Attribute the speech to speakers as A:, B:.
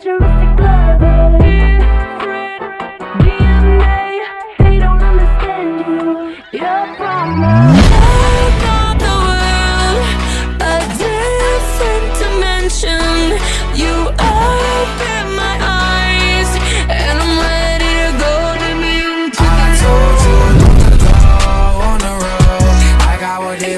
A: futuristic lover Different DNA
B: They don't understand you You're from out the world A different dimension You
C: open my eyes And I'm ready to go to music I
D: told you not to go on the road I got what they